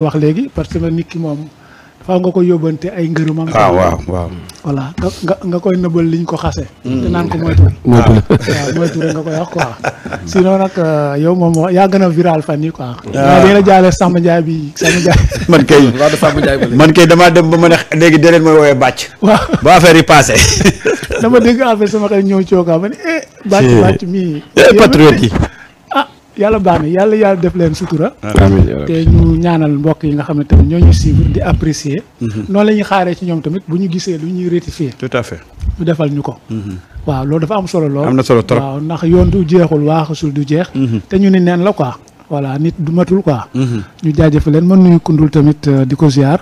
wax léegi parce que nit ki moom faaw nga ko yóbbante ay ngërëmam. ah waaw waaw. voilà nga nga koy nëbal liñ ko xase. Mm. te naan ko moytu. waaw moytu nag euh, yow moom yaa gën a viral fan yi quoi. waaw ah. dina jaale Samba Ndiaye bi Samba Ndiaye. man kay man kay damaa dem ba ma ne léegi déedéet mooy woowee bàcc. waaw ba affaire yi passé. dama dégg affaire sama xel ñëw cookaa ma ne eh. bàcc bàcc mii. Eh, patriote yi yàlla baax na yàlla yàlla def leen sutura te ñu ñaanal mbokk yi nga xam ne tamit ñoo ñu di apprécié mm-hmm. noonu la ñuy xaaree ci ñoom tamit bu ñu gisee lu ñuy rectifier tout à fait ñu defal ñu ko mm-hmm. waaw loolu dafa am solo lool na solo trop waaw ndax yoon du jeexul waaxasul du jeex mm-hmm. te ñu ni neen la quoi voilà nit du matul quoi ñu jaajëfal leen mën nuyu kundul tamit euh, di ko ziar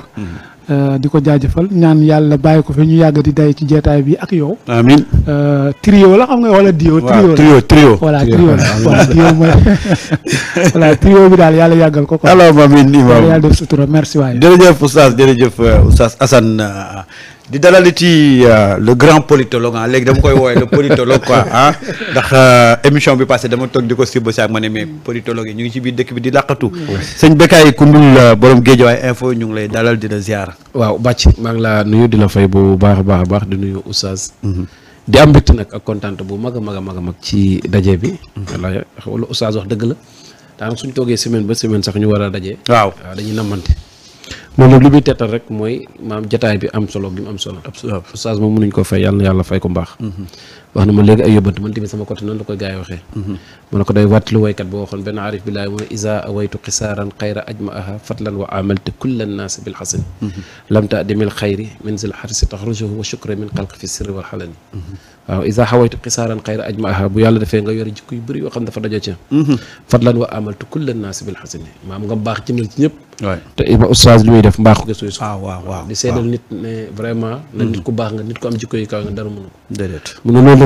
Euh, di ko jaajëfal ñaan yàlla bàyyi ko fi ñu yàgg di day ci jeetaay bi ak yow. amiin euh, trio la xam nga wala dio. trio trio trio trio la trio mooy voilà trio bi daal yàlla yàggal ko. alors amiin yàlla def sutura merci waay. jërëjëf oustaz euh, di dalal ci euh, le grand politologue ah léegi dama koy woowee le politologue quoi ah ndax euh, émission bi passé dama toog di ko sib saak ma ne mais politologue yi ñu ngi ci biir dëkk bi di làqatu sëñ Bécaye Coumboul géej euh, Guédiawaye info ñu ngi lay dalal di la ziar waaw bàcc maa ngi laa nuyu di la fay bu baax a baax a baax di nuyu oustaz mm-hmm. di am mbégte nag ak kontaan bu mag a mag a mag a mag ci daje bi mm-hmm. wala oustaz wax dëgg la daanaka suñ toogee semaine ba semaine sax ñu war a daje waaw waaw dañuy namante moom nag lu muy tettal rek mooy maam jataay bi am solo gi mu am solo. waaw oustaz moom mënuñ ko fay yàlla na yàlla fay ko mbaax. Mm-hmm. wax na ma léegi ay yóbbante man tamit sama côté noonu la koy gars waxee mm-hmm. mu ne ko day wàttlu waykat boo waxoon benn arif billahi mu ne isa wa amaltu kulla annaasi bilxasan mm-hmm. lam taadimil xayri min zil xarsi taxrujuhu wa shukra min xalq fi sirri wal xalani mm-hmm. waaw isa xawaytu xisaaran xayra ajmaaha bu yàlla defee nga yore jikko yu bëri yoo xam dafa dajo ah, baax nga nit ku am jikko yu kaw nga dara mënu ko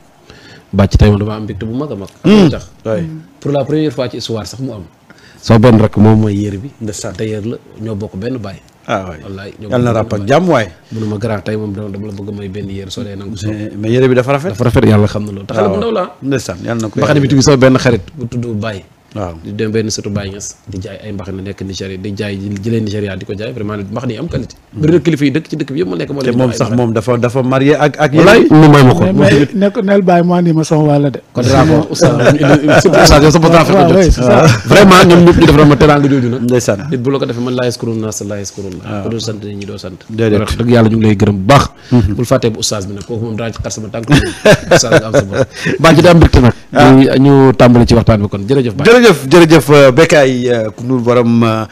bàcc tey man dama am mbégte bu mag a mag. Hmm. tax pour la première fois ci sax mu am. soo benn rek moom mooy yéer bi. ndeysaan tailleur la ñoo bokk benn baay. ah waay wallaay yal na ràpp ak jàmm a munuma grand tey moom dama la bëgg may benn yéer soo dee nangu. mais yéer bi dafa rafet. dafa rafet yàlla xam na loolu. waaw taxale bu ah, ndaw la ah. ndeysaan yal na bi tamit sama benn xarit bu tudd Baye. waaw di dem benn surtout Baye Niass di jaay ay mbax na nekk Nigéria di jaay jëlee Nigéria di ko jaay vraiment mbax na yi am qualité mm. bëri na kilifa moo leen te moom sax moom dafa dafa marié ak ak yéen mu may ma ko nekk neel Baye moo ma sama wàll de sa bota fa ko jot vraiment ñoom ko defee sant nit ñi doo sant déedéet dëgg yàlla ñu ngi lay gërëm bu mm-hmm. bu oustaz bi nag kooku moom dara ci xar sama tànk oustaz nga am ah. ñu tàmbali ci waxtaan bi kon jërëjëf Baye jërëjëf jërëjëf euh, Bécaye Coundoul euh, borom euh,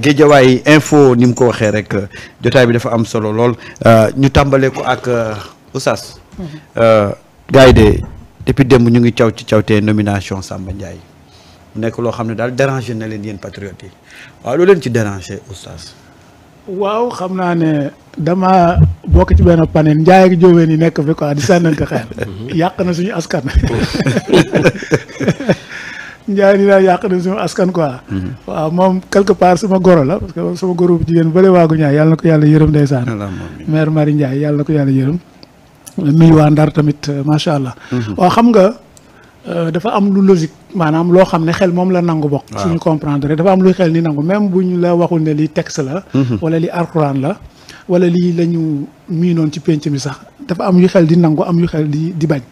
Géejawaay info ni mu ko waxee rek jotaay bi dafa am solo lool ñu tàmbalee ko ak Oustaz. Mhm. gars yi de depuis dem ñu ngi caw ci caw cawtee nomination Samba Ndiaye mu nekk loo xam ne daal dérangé na leen yéen patriotes yi waaw ci dérangé Oustaz. xam naa ne dama bokk ci benn panel njaay ak jóobeen yi nekk fi quoi di sànnante xeer yàq na suñu askan njaay di daal yàq na suma askan quoi. Mhm. waaw moom quelque part suma goro la parce que moom suma goro bu jigéen ba bëree waagu ñaay yàlla na ko yàlla yërëm ndeysaan. maire Marie Ndiaye yàlla na ko yàlla yërëm. nuyu waa Ndar tamit euh, macha allah. Mhm. waaw xam nga euh, dafa am lu logique maanaam loo xam ne xel moom la nangu bokk. suñu comprendre dafa am luy xel ni nangu même buñ la waxul ne lii texte la. Mhm. wala lii alxuraan la. wala lii la ñu noonu ci penc mi sax dafa am yu xel di nangu am yu xel di di bañ.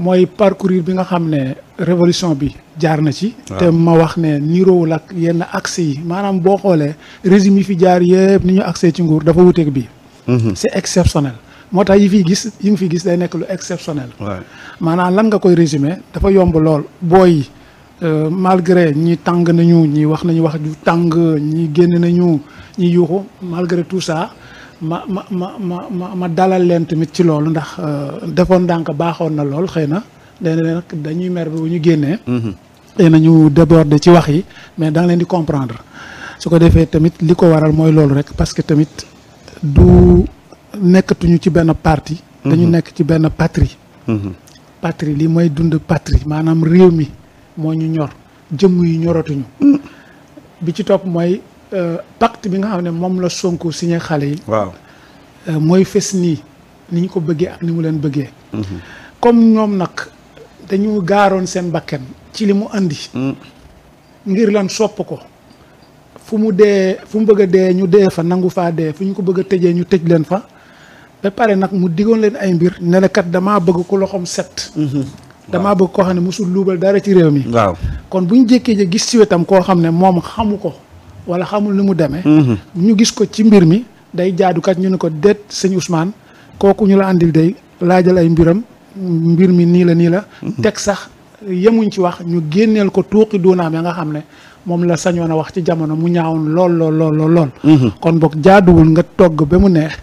mooy parcourir bi nga xam ne révolution bi jaar na ci te ma wax ne niroowul ak yenn accès yi maanaam boo xoolee régime yi fi jaar yëpp ni ñu accès ci nguur dafa wuteeg bii mhm. c'est exceptionnel moo tax yi fiy gis yi nga fi gis day nekk lu exceptionnel maanaam lan nga koy résumer dafa yomb lool booy euh, malgré ñi tàng nañu ñi wax nañu wax ju tàng ñi génn nañu ñi yuuxu malgré tout ça ma ma ma ma ma ma dalal leen tamit ci loolu ndax euh, defoon ndànk baaxoon na lool xëy na léeg-léeg nag dañuy mer bi bu ñu génnee. xëy mhm. na ñu déborder ci wax yi mais da leen di comprendre su ko defee tamit li ko waral mooy loolu rek parce que tamit du nekkatuñu ci benn parti. Mhm. dañu nekk ci benn patrie. Mhm. patrie li mooy dund patrie maanaam réew mi moo ñu ñor jëmm yi ñoratuñu. Mm. bi ci topp mooy Euh, pact bi nga xam ne moom la Sonko signé xale yi. waaw euh, mooy fes nii ni ñu ko bëggee ni mu leen bëggee. Mhm. comme ñoom nag dañu gaaroon seen bakken ci li mu indi mm. ngir lan sopp ko. fu mu dee fu mu bëgg dee ñu dee fa nangu faa dee fu ñu ko bëgg a tëjee ñu tëj leen fa ba pare nag mu digoon leen ay mbir ne damaa bëgg ku loxoom set. Mhm. damaa bëgg koo xam ne mosul luubal dara ci réew mi. waaw kon bu ñu jékkee gis ci wetam koo xam ne moom xamu ko. wala xamul ni mu demee. Mhm. ñu gis ko ci mbir mi day jaadukat ñu ne ko déet sëñ Ousmane kooku ñu la andil day laajal ay mbiram mbir mi nii la nii la. Mhm. teg sax yemuñ ci wax ñu génneel ko tuuqi duunaam ya nga xam ne moom la sañoon a wax ci jamono mu ñaawoon lool lool lool lool. Mhm. kon boog jaaduwul nga togg ba mu neex.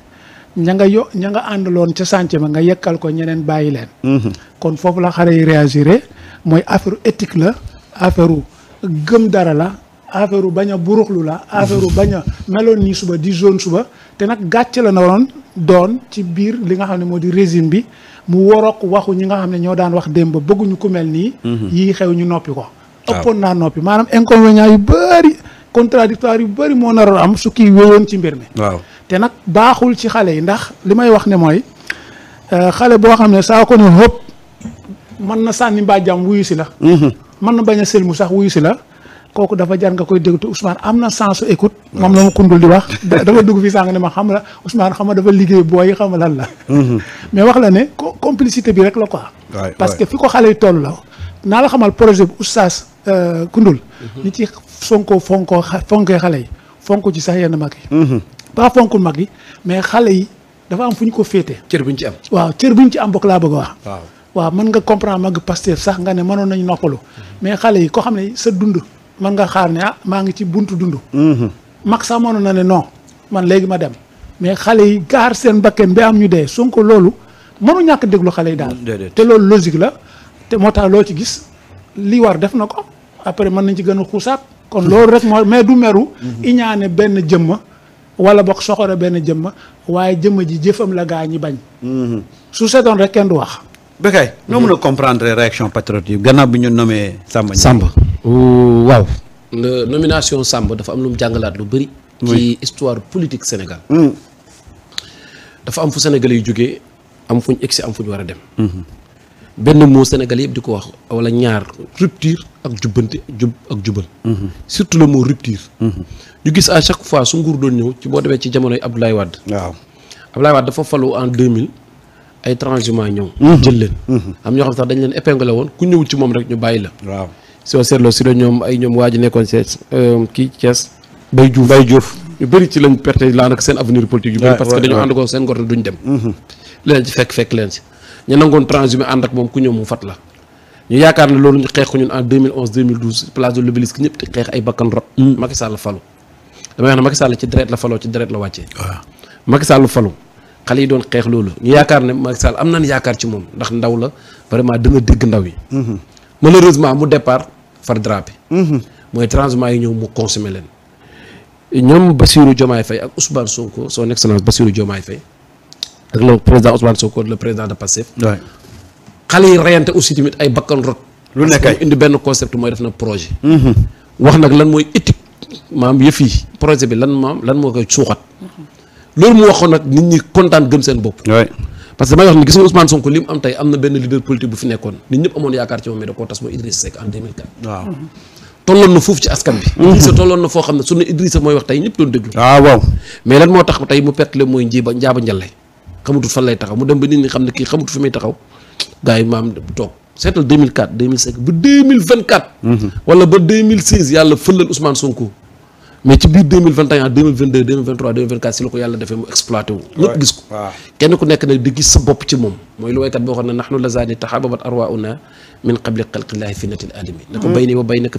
ña nga yo ña nga àndaloon ca sànce ma nga yekkal ko ñeneen bàyyi leen. kon foofu la xale yi réagiré mooy affaire éthique la affaire gëm dara la. affaire bañ a buruxlu la affaire bañ a meloon nii suba di zone suba te nag gàcce la na waroon doon ci biir li nga xam ne moo di régime bi mu warook waxu ñi nga xam ne ñoo daan wax démb ba bëgguñu ku mel nii mhm. yi xew ñu noppi ko ëppoon naa noppi maanaam inconvénients yu bëri contradictoire yu bëri moo naroon am su kii wéyoon ci mbir mi waaw te nag baaxul ci xale yi ndax li may wax ne mooy euh, xale boo xam ne saa ko ne hëpp mën na sànni mbaajam wuyu si la mhm. mën na bañ a sëlmu sax wuyu la kooku dafa jar nga koy dégg te Ousmane am na sens écoute moom la ma kundul di wax dafa dugg xam la Ousmane xam nga dafa liggéey booy xam lan la mm-hmm. wax la ne complicité bi rek la quoi parce que fi ko xale yi la naa la xamal projet bu oustaz euh, kundul ni mm-hmm. ci Sonko fonkoo fonkee xale yi fonk ci sax yenn mag yi mm-hmm. pas fonkul mag yi mais xale yi dafa am fu ko féete cër bu ñu ci am waaw cër bu ñu ci am bokk laa bëgg a wax waaw mën nga comprendre mag Pastef sax nga ne mënoon nañu noppalu mais xale yi ko xam ne sa dund mën nga xaar ne ah maa ngi ci buntu dund. Mhm. mag sax mënoon na ne non man léegi ma dem mais xale yi gaar seen bakken ba am ñu dee Sonko loolu mënu ñàkk déglu xale yi daal. te loolu logique la te moo tax loo ci gis li war def na ko après mën nañ ci gën a xuusaat. kon mhm. loolu rek moo mais du meru. Mhm. iñaane benn jëmma wala bokk soxore benn jëmma waaye jëmma ji jëfam la gaa ñi bañ. su seetoon rek kenn du wax. Bécaye noo mën a comprendre réaction patriote yi gannaaw bi ñu nommé Samba. Samba. waaw. nomination Samba dafa am lu mu jàngalaat lu bëri. ci histoire politique Sénégal. Hmm. dafa am fu Sénégal yu jógee am fuñ egsi am fu ñu war a dem. Hmm. benn moo Sénégal yëpp di ko wax wala ñaar rupture ak jubbante jub ak jubal. Hmm. surtout le mot rupture. ñu gis à chaque fois su nguur doon ñëw ci boo demee ci jamonoy Abdoulaye Wade. waaw Abdoulaye Wade dafa falu en 2000 ay transhumants ñëw. jël leen. am ñoo xam sax dañ leen épinglé woon ku ñëw ci moom rek ñu bàyyi la. waaw soo seetloo si la ñoom ay ñoom waa nekkoon Cees euh, kii Cees Baye Diouf ñu bëri ci lañ perte daanaka seen avenir politique yu bëri parce que dañu ànd ko seen ngor duñ dem mhm. leen ci fekk fekk leen si ñu nangoon transhumé ànd ak moom ku ñëw mu fat la ñu yaakaar ne loolu ñu xeex ko ñun en 2011 2012 place de l'Obélisque di xeex ay bakkan rot mm. Macky Sall falu damay wax ne Macky Sall ci deret la faloo ci deret la wàccee waaw Macky falu xale yi doon xeex loolu ñu yaakaar ne Macky Sall am nañ yaakaar ci moom ndax ndaw la vraiment dana dégg ndaw yi mhm. malheureusement mu départ far drapé. Mhm. mooy transhumants yi ñëw mu consommé leen. ñoom Bassirou Diomaye Faye ak Ousmane Sonko son excellence Bassirou Diomaye Faye ak le président Ousmane Sonko le président de Pastef. xale yi reyante aussi tamit ay bakkan rot. lu nekk ay indi benn concept mooy def na projet. Mhm. wax nag lan mooy éthique maam yëf yi projet bi lan maam lan moo koy suuxat. Mhm. loolu mu waxoon nag nit ñi kontaan gëm seen bopp. parce que damay wax ni gis nga Ousmane Sonko li mu am tey am na benn leader politique bu fi nekkoon nit ñëpp amoon yaakaar ci moom mais da koo mooy Idriss Seck mhm. mooy wax tey ñëpp doon déglu. waaw ah, waaw mais lan moo tax tey mu perte mooy njaaba njale xamutul fan lay taxaw mu dem ba nit ñi xam ne kii xamutul fi muy taxaw gars yi maam toog seetal 2004 2005 ba 2024. Mhm. wala ba 2016 yàlla fëlal Ousmane Sonko mais ci biir 2021 2022 2023 2024 si la ko yàlla defee mu exploité wu ñëpp gis ko kenn ku nekk nag di gis sa bopp ci moom mooy lu waykat boo xam ne nahnu lazani tahababat arwauna min qabli xalqillaahi fi natil alami na ko mm-hmm. bayni mm-hmm.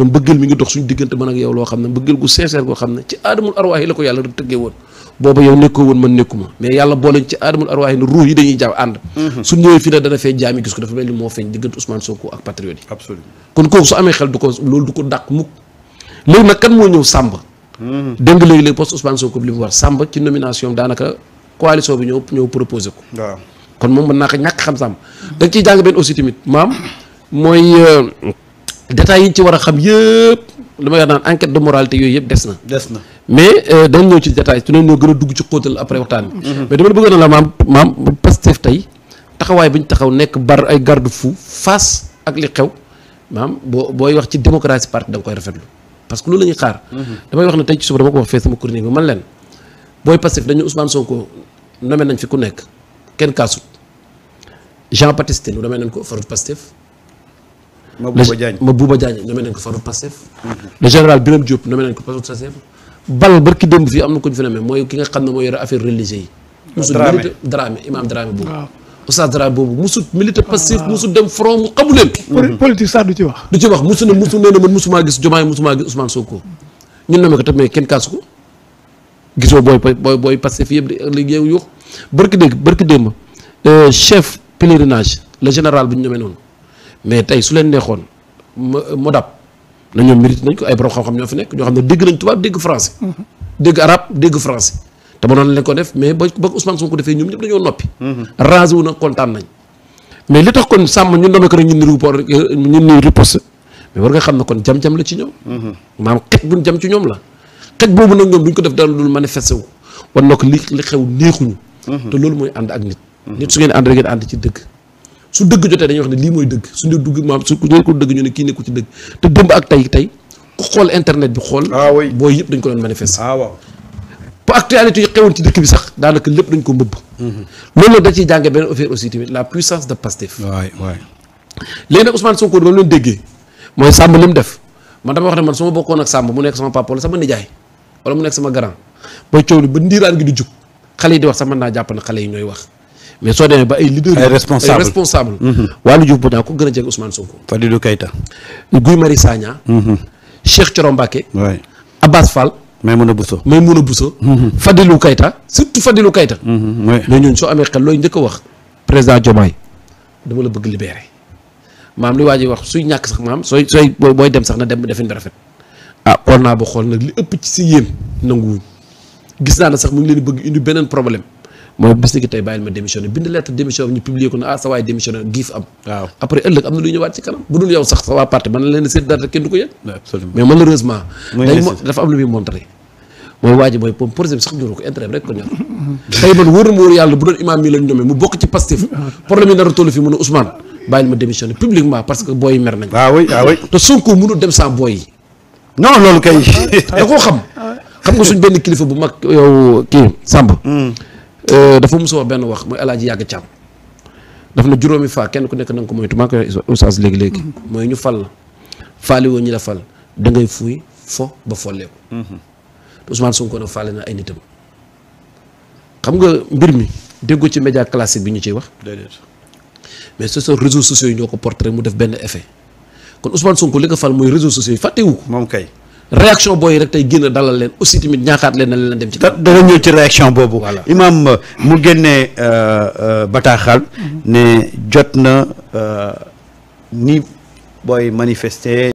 mu ngi dox suñu diggante man ak yow loo xam ne mbëggeel gu sincère goo xam ne ci aadamul arwaax yi la ko yàlla tëggee woon booba yow nekkoo woon man nekkuma mais yàlla booleñ ci aadamul kon kooku su amee xel du ko loolu du ko dàq mukk léegi nag kan moo ñëw Samba. dégg nga léegi-léegi poste Ousmane Sonko bi li mu war Samba ci nomination daanaka coalition bi ñëw ñëw proposé ko. kon moom mën naa ko ñàkk xam Samba. da nga ciy benn aussi tamit maam mooy euh, détails yi ñu ci war a xam yëpp li ma yor naan enquête de moralité yooyu yëpp des na. des na mais euh, dañ ñëw ci détail su ne ñoo gën a dugg ci xóotal après waxtaan bi. Mhm. mais dama la bëgg na la maam maam Pastef tey taxawaay bi ñu taxaw nekk bar ay garde fou face ak li maam boo booy wax ci démocratie parti da koy rafet rafetlu parce que loolu la ñuy xaar. Mhm. damay wax ne tey ci suba dama ko wax fee sama chronique bi man leen fi ku nekk kenn kaasut Jean Baptiste Tine nañ ko faru Pastef. Mabouba Diagne Mabouba Diagne nommé nañ ko faru Pastef. Mhm. le général Birame Diop nommé nañ ko faru Pastef. Bal barki démb fii am na ku ñu fi nommé mooy ki nga xam ne mooy yore affaire religieux yi. Dramé mosul imam Dramé boobu. Oustaz Dramé boobu musul militaire passif ah. musul dem front mu xamu leen. Mm-hmm. politique du ci wax. du ci wax musu ne musu nee na man musumaa gis Diomaye musumaa gis Ousmane Sonko ñun na ko tamit kenn kaasu ko gisoo booy booy booy passif yëpp di léegi yow yuux barki dégg barki démb euh, chef pèlerinage le général bi ñu ñemee noonu mais tey su leen neexoon mu dab na ñoom mérite nañ ko ay borom xam-xam ñoo fi nekk ñoo xam ne dégg nañ tubaab dégg français. Mm-hmm. dégg arabe dégg français. te mënoon noonu leen ko def mais ba ba Ousmane Sonko defee ñoom ñëpp dañoo noppi. rasé na kontaan nañ. mais li tax kon sàmm ñun dama ko rek ñun report ñun ñuy riposte mais war nga xam ne kon jam-jam la ci ñoom. maanaam xet ci ñoom la. xet boobu nag ñoom duñ ko def dara dul manifesté wu. wan na xew neexuñu. te loolu mooy ànd ak nit. nit su ngeen ànd rek ngeen ànd ci dëgg. su dëgg jotee dañuy wax ne lii mooy dëgg su ñu dugg maam su nekkul dëgg ñu ne kii nekkul ci dëgg te dëmb ak tey tey ku xool internet bi xool. ah booy yëpp dañ ko doon manifester. ah waaw bu actualité yi xewoon ci dëkk bi sax daanaka lépp dañ ko mbëbb. loolu nag da ciy jànge benn affaire aussi tamit la puissance de Pastef. waay waay léegi nag Ousmane Sonko dama leen déggee mooy sàmm li mu def man dama wax ne man su ma bokkoon ak sàmm mu nekk sama papa wala sama nijaay wala mu nekk sama grand mooy coow li ba ndiiraan gi di jug xale yi di wax sax mën naa jàpp ne xale yi ñooy wax. mais soo demee ba ay leader ay responsable ay responsable. Mhm. Waly Diouf Bodiang ko gën a jege Ousmane Sonko. Fadilou Keita. Guy Marius Sagna. Mhm. Cheikh Thioro Mbacké. waay Abbas Fall. Maimouna Bousso Maimouna Bousso mhm. Fadilou Keita surtout Fadilou Keita mhm, mais ñun soo amee xel looy njëkk a wax président Diomaye dama la bëgg libéré maam li waa ji wax suy ñàkk sax maam sooy sooy booy dem sax na dem defin bi rafet ah xool naa ba xool nag li ëpp ci si yéen nanguwuñ gis naa ne sax mu ngi leen bëgg indi beneen problème mooy bis gi tey bàyyil ma démissionné bind lettre démission bi ñu publier ko ne ah sa waay démissionné giif am après ëllëg am na luy ñëwaat ci kanam bu dul yow sax sa waa parti mën na leen seet dara kenn du ko yëg mais malheureusement day dafa am lu muy montré mooy waa ji mooy pom projet sax ñoro ko intérêt rek ko ñor tey man wóor na ma wóor yàlla bu doon imam mi lañ ñoomee mu bokk ci Pastef problème yi nar a tollu fi mu ne Ousmane bàyyil ma démissionné ah ah kilifa bu mag yow Euh, dafa mos wax benn wax mooy ji yàgg càmm daf na juróomi faa kenn ku nekk na ko moytu maa koy oustaz léegi léegi. Mhm. mooy ñu fal la faali woo ñi la fal da ngay fuy fo ba folleeku. Mhm. te Ousmane Sonko nag faale na ay nitam. xam nga mbir mi déggoo ci média classique bi ñu ciy wax. mais ce sont réseaux sociaux yi ñoo ko porté mu def benn effet kon Ousmane Sonko li ko fal mooy réseaux sociaux yi fàttewu ko moom réaction booy rek tey génn dalal leen aussi tamit ñaaxaat leen na leen dem ci. dara ñëw ci réaction boobu. voilà imaam euh, mu génnee euh, euh, bataaxal. ne jot na ni booy manifester.